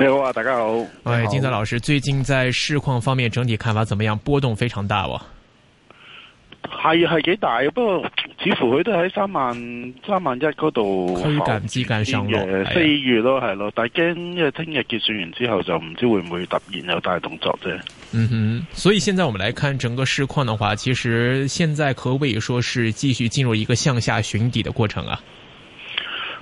你好啊，大家好。喂、哎，金澤好老師，最近在市況方面整體看法怎麼樣？波動非常大喎、哦。係係幾大，不過似乎佢都喺三萬三萬一嗰度區間之間上落。四月咯，係咯、哎呀，但係驚，因為聽日結算完之後就唔知道會唔會突然有大動作啫。嗯哼，所以現在我們來看整個市況的話，其實現在可謂說是繼續進入一個向下尋底的過程啊。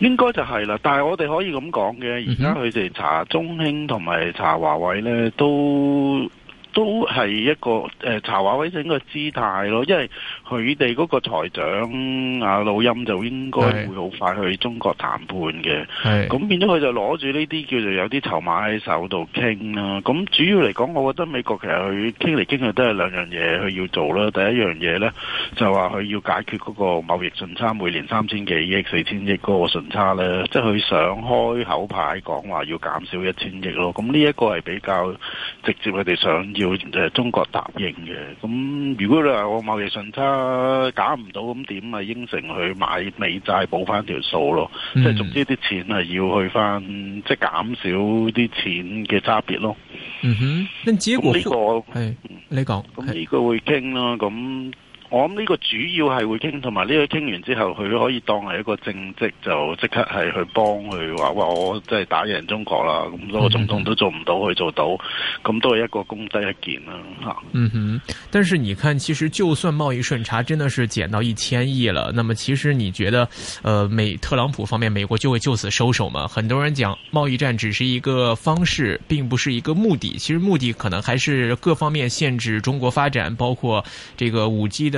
應該就係啦，但係我哋可以咁講嘅，而家佢哋查中興同埋查華為呢都。都係一個誒查華威整個姿態咯，因為佢哋嗰個財長啊魯音就應該會好快去中國談判嘅，咁的變咗佢就攞住呢啲叫做有啲籌碼喺手度傾啦。咁、啊、主要嚟講，我覺得美國其實佢傾嚟傾去都係兩樣嘢，佢要做啦。第一樣嘢咧就話佢要解決嗰個貿易順差，每年三千幾億、四千億嗰個順差咧，即係佢想開口牌講話要減少一千億咯。咁呢一個係比較直接，佢哋想要。佢誒中國答應嘅，咁如果你話我貿易順差搞唔到，咁點啊？應承去買美債補翻條數咯，即係、嗯、總之啲錢係要去翻，即係減少啲錢嘅差別咯。嗯哼，咁呢、呢個係你講說，咁呢個會傾咯，咁。我諗呢個主要係會傾，同埋呢個傾完之後，佢可以當係一個政績，就即刻係去幫佢話：哇！我真係打贏中國啦！咁多個總統都做唔到，佢做到，咁都係一個功德一件啦。吓，嗯哼。但是，你看，其實就算貿易順差真的是減到一千億了，那麼其實你覺得，呃，美特朗普方面，美國就會就此收手嘛？很多人講，貿易戰只是一個方式，並不是一個目的。其實目的可能還是各方面限制中國發展，包括這個五 G 的。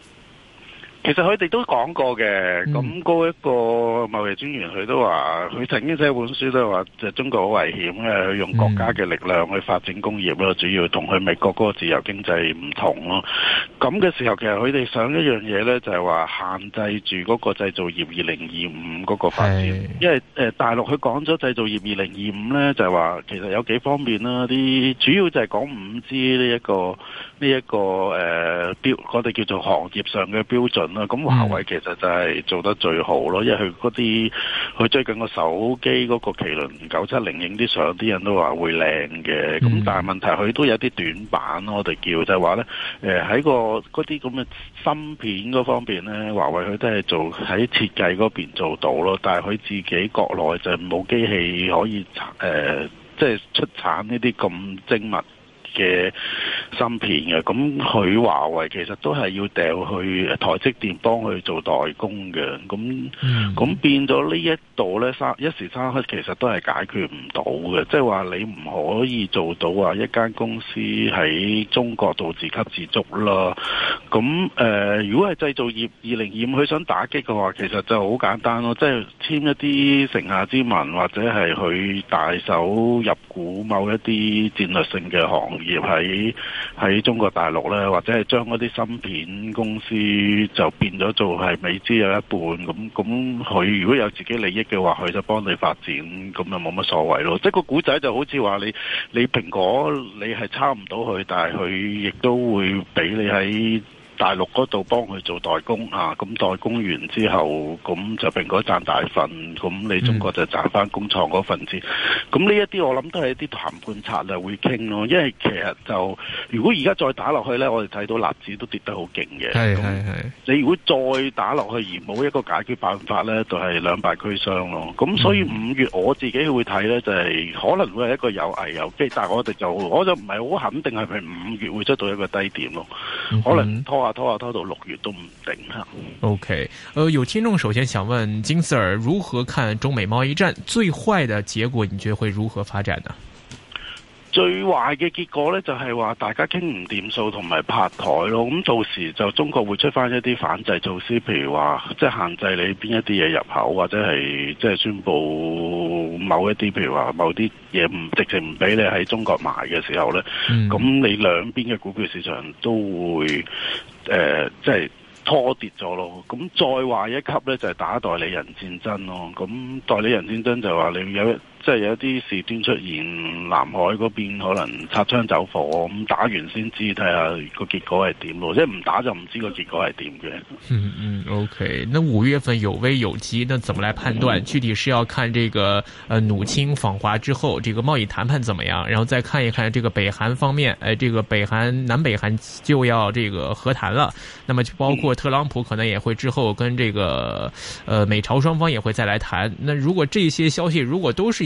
其實佢哋都講過嘅，咁嗰一個貿易專員佢都話，佢曾經寫一本書都話，就係中國好危險嘅，佢用國家嘅力量去發展工業咯，嗯、主要同佢美國嗰個自由經濟唔同咯。咁嘅時候，其實佢哋想一樣嘢咧，就係話限制住嗰個製造業二零二五嗰個發展，是因為誒大陸佢講咗製造業二零二五咧，就係、是、話其實有幾方面啦，啲主要就係講五 G 呢、這、一個呢一、這個誒、呃、標，我、那、哋、個、叫做行業上嘅標準。咁、嗯、華為其實就係做得最好咯，因為佢嗰啲佢最近個手機嗰個麒麟九七零影啲相，啲人都話會靚嘅。咁、嗯、但係問題佢都有啲短板，我哋叫就係話咧，誒喺個嗰啲咁嘅芯片嗰方面咧，華為佢都係做喺設計嗰邊做到咯，但係佢自己國內就冇機器可以即係、呃即係、出產呢啲咁精密嘅芯片嘅，咁佢華為其實都係要掉去台積電幫佢做代工嘅，咁咁、嗯、變咗呢一度咧三一時三刻其實都係解決唔到嘅，即係話你唔可以做到話一間公司喺中國度自給自足咯。咁誒、呃、如果係製造業二零二五佢想打擊嘅話，其實就好簡單咯，即係簽一啲城下之盟或者係佢大手入股某一啲戰略性嘅行。業喺喺中國大陸咧，或者係將嗰啲芯片公司就變咗做係美資有一半咁，咁佢如果有自己利益嘅話，佢就幫你發展，咁就冇乜所謂咯。即係個古仔就好似話你，你蘋果你係差唔到佢，但係佢亦都會俾你喺大陸嗰度幫佢做代工咁、啊、代工完之後，咁就蘋果賺大份，咁你中國就賺翻工廠嗰份錢。咁呢、嗯、一啲我諗都係一啲談判策略會傾咯，因為其實就如果而家再打落去呢，我哋睇到納指都跌得好勁嘅。係你如果再打落去而冇一個解決辦法呢，就係、是、兩敗俱傷咯。咁所以五月我自己會睇呢，就係、是、可能會係一個有危有機，但係我哋就我就唔係好肯定係咪五月會出到一個低點咯，嗯、哼可能拖拖下拖到六月都唔定吓。OK，誒，有聽眾首先想問金 Sir，如何看中美貿易戰最壞嘅結果？你覺得會如何發展呢？最壞嘅結果咧，就係、是、話大家傾唔掂數，同埋拍台咯。咁到時就中國會出翻一啲反制措施，譬如話即係限制你邊一啲嘢入口，或者係即係宣布某一啲，譬如話某啲嘢唔直情唔俾你喺中國賣嘅時候咧，咁、嗯、你兩邊嘅股票市場都會。誒，即係、呃就是、拖跌咗咯。咁再壞一級咧，就係、是、打代理人戰爭咯。咁代理人戰爭就話你有。即係有啲事端出現，南海嗰邊，可能擦槍走火，咁打完先知睇下個結果係點咯，即係唔打就唔知個結果係點嘅。嗯嗯，OK，那五月份有危有機，那怎麼來判斷？具體是要看這個呃，努清訪華之後這個貿易談判怎麼樣。然後再看一看這個北韓方面，誒、呃，這個北韓南北韓就要這個和談了。那麼就包括特朗普可能也會之後跟這個呃美朝雙方也會再來談。那如果這些消息如果都是，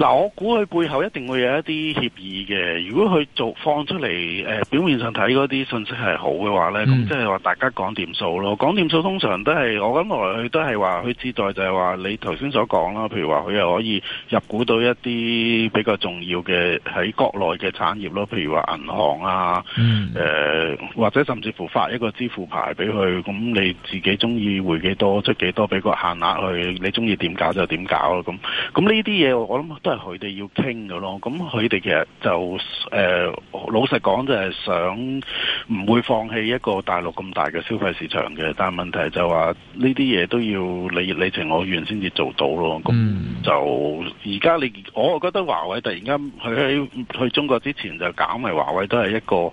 嗱，我估佢背後一定會有一啲協議嘅。如果佢做放出嚟、呃，表面上睇嗰啲信息係好嘅話呢，咁、嗯、即係話大家講掂數咯。講掂數通常都係我諗來去都係話佢志在就係話你頭先所講啦，譬如話佢又可以入股到一啲比較重要嘅喺國內嘅產業咯，譬如話銀行啊、嗯呃，或者甚至乎發一個支付牌俾佢，咁你自己中意匯幾多出幾多俾個限額去，你中意點搞就點搞咯。咁咁，呢啲嘢我諗係佢哋要傾嘅咯，咁佢哋其實就誒、呃、老實講，就係想唔會放棄一個大陸咁大嘅消費市場嘅。但係問題就話呢啲嘢都要你你情我願先至做到咯。咁就而家你我覺得華為突然間佢喺去，去中國之前就搞埋華為，都係一個。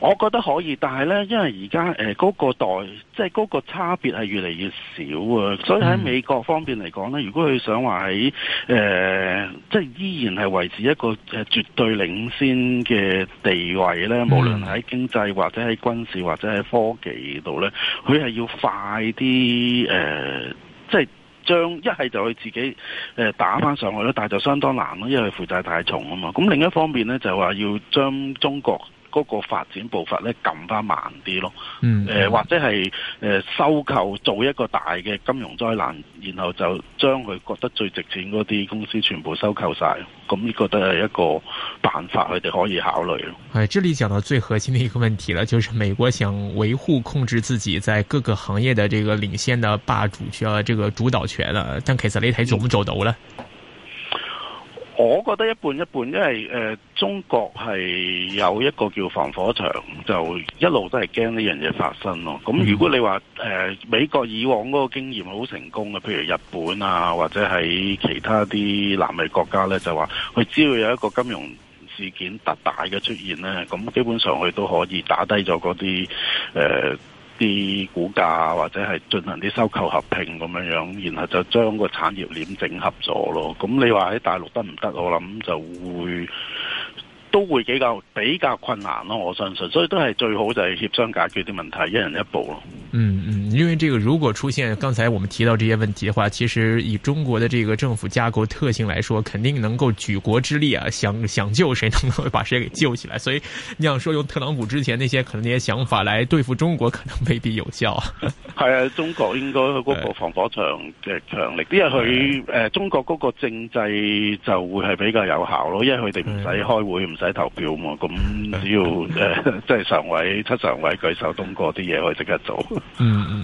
我覺得可以，但係呢，因為而家誒嗰個代，即係嗰個差別係越嚟越少啊，所以喺美國方面嚟講呢，如果佢想話喺誒，即係依然係維持一個誒絕對領先嘅地位呢，無論喺經濟或者喺軍事或者喺科技度呢，佢係要快啲誒，即係將一係就去自己打翻上去咯，但係就相當難咯，因為負債太重啊嘛。咁另一方面呢，就話要將中國，嗰個發展步伐咧，撳翻慢啲咯。誒、嗯呃，或者係誒、呃、收購，做一個大嘅金融災難，然後就將佢覺得最值錢嗰啲公司全部收購晒。咁、嗯、呢、這個都係一個辦法，佢哋可以考慮咯。係，這裡講到最核心嘅一個問題啦，就是美國想維護、控制自己在各個行業嘅這個領先的霸主權，這個主導權啦。但其實你睇做唔做到啦？嗯我覺得一半一半，因為、呃、中國係有一個叫防火牆，就一路都係驚呢樣嘢發生咯。咁如果你話、呃、美國以往嗰個經驗好成功嘅，譬如日本啊，或者喺其他啲南美國家呢，就話佢只要有一個金融事件特大嘅出現呢，咁基本上佢都可以打低咗嗰啲啲股價或者係進行啲收購合併咁樣樣，然後就將個產業鏈整合咗咯。咁你話喺大陸得唔得？我諗就會都會比較比較困難咯。我相信，所以都係最好就係協商解決啲問題，一人一步咯。嗯。嗯嗯。因為這個如果出現剛才我們提到這些問題的話，其實以中國的這個政府架構特性來說，肯定能夠舉國之力啊，想想救誰，能夠把誰給救起來。所以你想說用特朗普之前那些可能那些想法來對付中國，可能未必有效。係啊，中國應該嗰個防火牆嘅強力，因為佢誒、啊、呃，中國嗰個政制就會係比較有效咯，因為佢哋唔使開會，唔使、啊、投票嘛，咁只要即係、啊、呃就是、常委、七常委舉手通過啲嘢，可以即刻做。嗯嗯。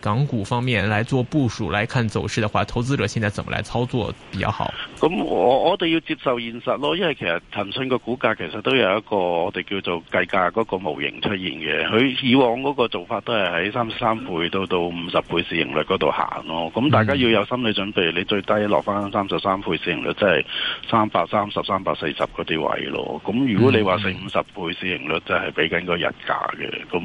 港股方面來做部署來看走勢的話，投資者現在怎麼來操作比較好？咁我我哋要接受現實咯，因為其實騰訊個股價其實都有一個我哋叫做計價嗰個模型出現嘅。佢以往嗰個做法都係喺三十三倍到到五十倍市盈率嗰度行咯。咁大家要有心理準備，你最低落翻三十三倍市盈率，即係三百三十三百四十嗰啲位咯。咁如果你話四五十倍市盈率，即係俾緊嗰日價嘅。咁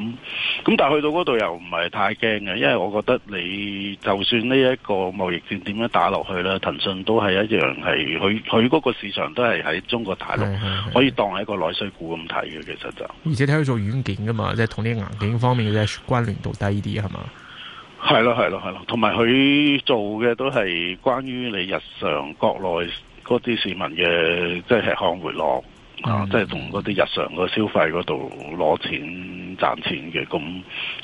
咁但係去到嗰度又唔係太驚嘅，因為即係我覺得你就算呢一個貿易戰點樣打落去啦，騰訊都係一樣係佢佢嗰個市場都係喺中國大陸，是是是是可以當係一個內需股咁睇嘅，其實就而且睇佢做軟件噶嘛，即係同啲硬件方面嘅即係關聯度低啲係嘛？係咯係咯係咯，同埋佢做嘅都係關於你日常國內嗰啲市民嘅即係消費落。啊，即係同嗰啲日常個消費嗰度攞錢賺錢嘅，咁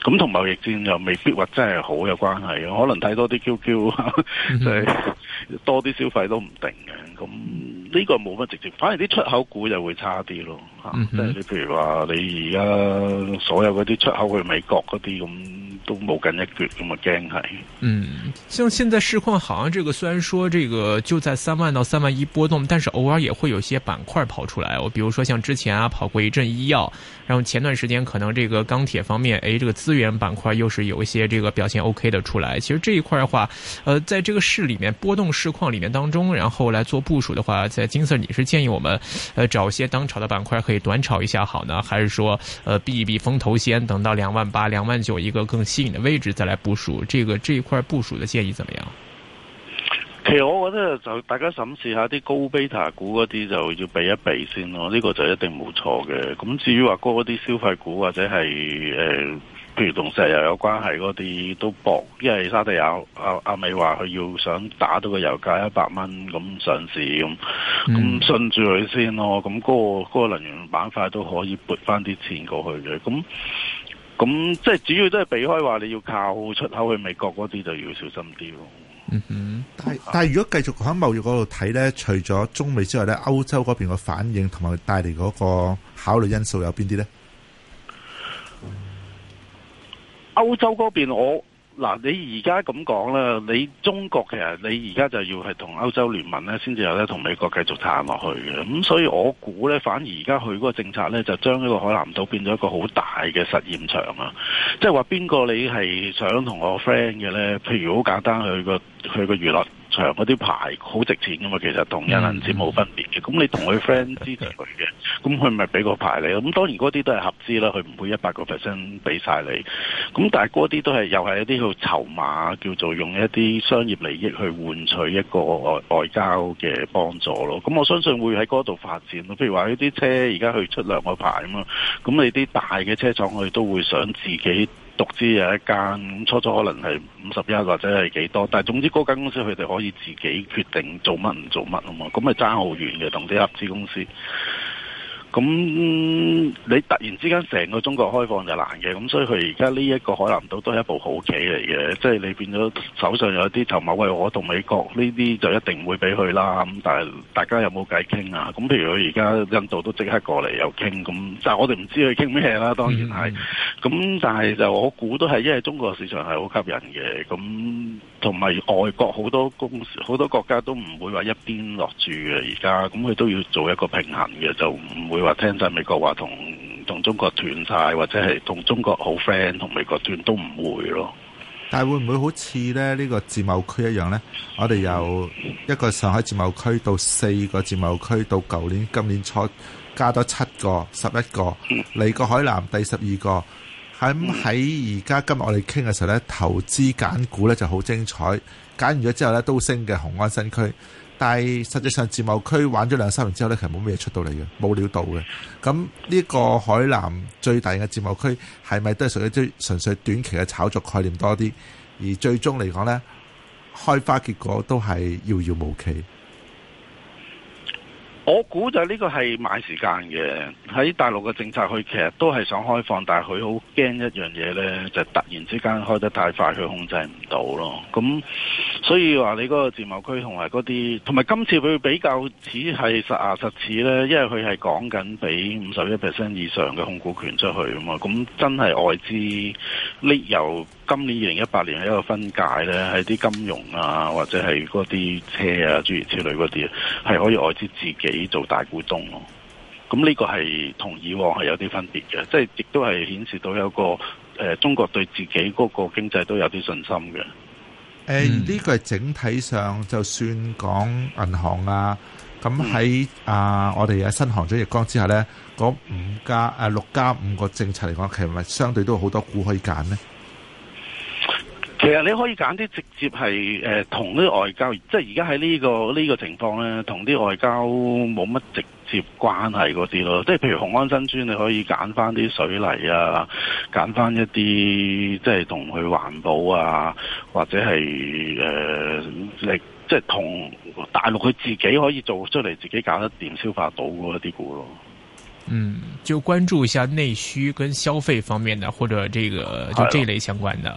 咁同貿易戰又未必話真係好有關係，可能睇多啲 QQ，即係多啲消費都唔定嘅，咁呢個冇乜直接，反而啲出口股又會差啲咯，即係你譬如話你而家所有嗰啲出口去美國嗰啲咁。都冇緊一橛，咁嘅驚係。嗯，像現在市況，好像這個雖然說這個就在三萬到三萬一波動，但是偶爾也會有些板塊跑出來，哦。我比如說像之前啊跑過一陣醫藥，然後前段時間可能這個鋼鐵方面，誒、哎，這個資源板塊又是有一些這個表現 OK 的出來。其實這一塊的話，呃，在這個市裏面波動市況裏面當中，然後來做部署的話，在金色你是建議我們呃找一些當炒的板塊可以短炒一下好呢，還是說呃避一避風頭先，等到兩萬八、兩萬九一個更吸引嘅位置，再來部署。這個這一塊部署的建議怎麼樣？其實我覺得就大家審視下啲高 beta 股嗰啲，就要避一避先咯。呢個就一定冇錯嘅。咁至於話嗰啲消費股或者係誒，譬、呃、如同石油有關係嗰啲，都搏。因為沙地阿阿阿美話佢要想打到個油價一百蚊咁上市咁，咁信住佢先咯。咁嗰個嗰個能源板塊都可以撥翻啲錢過去嘅。咁。咁即係主要都係避開話你要靠出口去美國嗰啲，就要小心啲咯。嗯哼，但係但係如果繼續喺貿易嗰度睇呢，除咗中美之外呢，歐洲嗰邊嘅反應同埋帶嚟嗰個考慮因素有邊啲呢？嗯、歐洲嗰邊我。嗱，你而家咁講啦，你中國其實你而家就要係同歐洲聯盟咧，先至有得同美國繼續談落去嘅。咁所以我估呢，反而而家佢嗰個政策呢，就將呢個海南島變咗一個好大嘅實驗場啊！即係話邊個你係想同我 friend 嘅呢？譬如好簡單嘅，佢個佢個娛樂。嗰啲牌好值錢噶嘛，其實同人民幣冇分別嘅。咁你同佢 friend 支持佢嘅，咁佢咪俾個牌你咯。咁當然嗰啲都係合資啦，佢唔會一百個 percent 俾曬你。咁但係嗰啲都係又係一啲叫籌碼，叫做用一啲商業利益去換取一個外交嘅幫助咯。咁我相信會喺嗰度發展咯。譬如話呢啲車而家去出兩個牌吖嘛，咁你啲大嘅車廠佢都會想自己。獨資有一間，初初可能係五十一或者係幾多，但係總之嗰間公司佢哋可以自己決定做乜唔做乜啊嘛，咁咪爭好遠嘅同啲合資公司。咁你突然之間成個中國開放就難嘅，咁所以佢而家呢一個海南島都係一部好棋嚟嘅，即係你變咗手上有啲籌碼，喂，我同美國呢啲就一定會俾佢啦。咁但係大家有冇偈傾啊？咁譬如佢而家印度都即刻過嚟又傾，咁但係我哋唔知佢傾咩啦。當然係，咁但係就我估都係因為中國市場係好吸引嘅，咁同埋外國好多公司好多國家都唔會話一邊落注嘅，而家咁佢都要做一個平衡嘅，就唔會。話聽陣美國話同同中國斷晒，或者係同中國好 friend，同美國斷都唔會咯。但係會唔會好似咧呢個自貿易區一樣呢？我哋由一個上海自貿易區，到四個自貿易區，到舊年今年初加多七個、十一個嚟個海南第十二個。咁喺而家今日我哋傾嘅時候呢，投資揀股呢就好精彩。揀完咗之後呢，都升嘅，雄安新區。但係，實際上，自貿區玩咗兩三年之後呢，其實冇咩嘢出到嚟嘅，冇料到嘅。咁呢個海南最大嘅自貿區係咪都係屬於純粹短期嘅炒作概念多啲？而最終嚟講呢，開花結果都係遙遙無期。我估就呢個係買時間嘅，喺大陸嘅政策佢其實都係想開放，但係佢好驚一樣嘢呢，就是、突然之間開得太快，佢控制唔到咯。咁所以話你嗰個自貿區同埋嗰啲，同埋今次佢比較似係實牙實齒呢，因為佢係講緊俾五十一 percent 以上嘅控股權出去啊嘛，咁真係外資。呢由今年二零一八年喺一個分界咧，喺啲金融啊，或者係嗰啲車啊，諸如此類嗰啲，係可以外資自己做大股東咯，啊。咁呢個係同以往係有啲分別嘅，即係亦都係顯示到有個誒、呃，中國對自己嗰個經濟都有啲信心嘅。誒、欸、呢、這個係整體上就算講銀行啊。咁喺啊，我哋喺新航咗逆光之下咧，五加誒、呃、六加五個政策嚟講，其實咪相對都有好多股可以揀呢？其實你可以揀啲直接係誒同啲外交，即係而家喺呢個呢、呢個情況咧，同啲外交冇乜直接關係嗰啲咯。即係譬如雄安新村，你可以揀翻啲水泥啊，揀翻一啲即係同佢環保啊，或者係誒、呃、你。即係同大陸佢自己可以做出嚟，自己搞得掂消化到嗰啲股咯。嗯，就關注一下內需跟消費方面的，或者呢、這個就這一類相關的。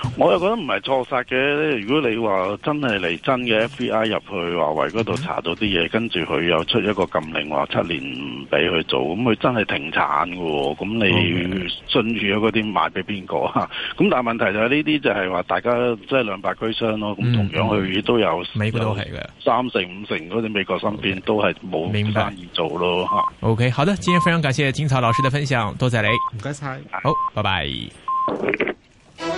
我又覺得唔係錯殺嘅。如果你話真係嚟真嘅 FBI 入去華為嗰度查到啲嘢，Okay. 跟住佢又出一個禁令，話七年唔俾佢做，咁佢真係停產噶。咁你信住咗嗰啲賣俾邊個啊？咁 Okay. 但係問題就係呢啲就係話大家即係兩敗俱傷咯。咁、嗯、同樣佢都有美國都係嘅三成五成嗰啲美國芯片 Okay. 都係冇生意做咯。o、okay, k 好的，今天非常感謝金曹老師嘅分享，多謝你，唔該晒，好，拜拜。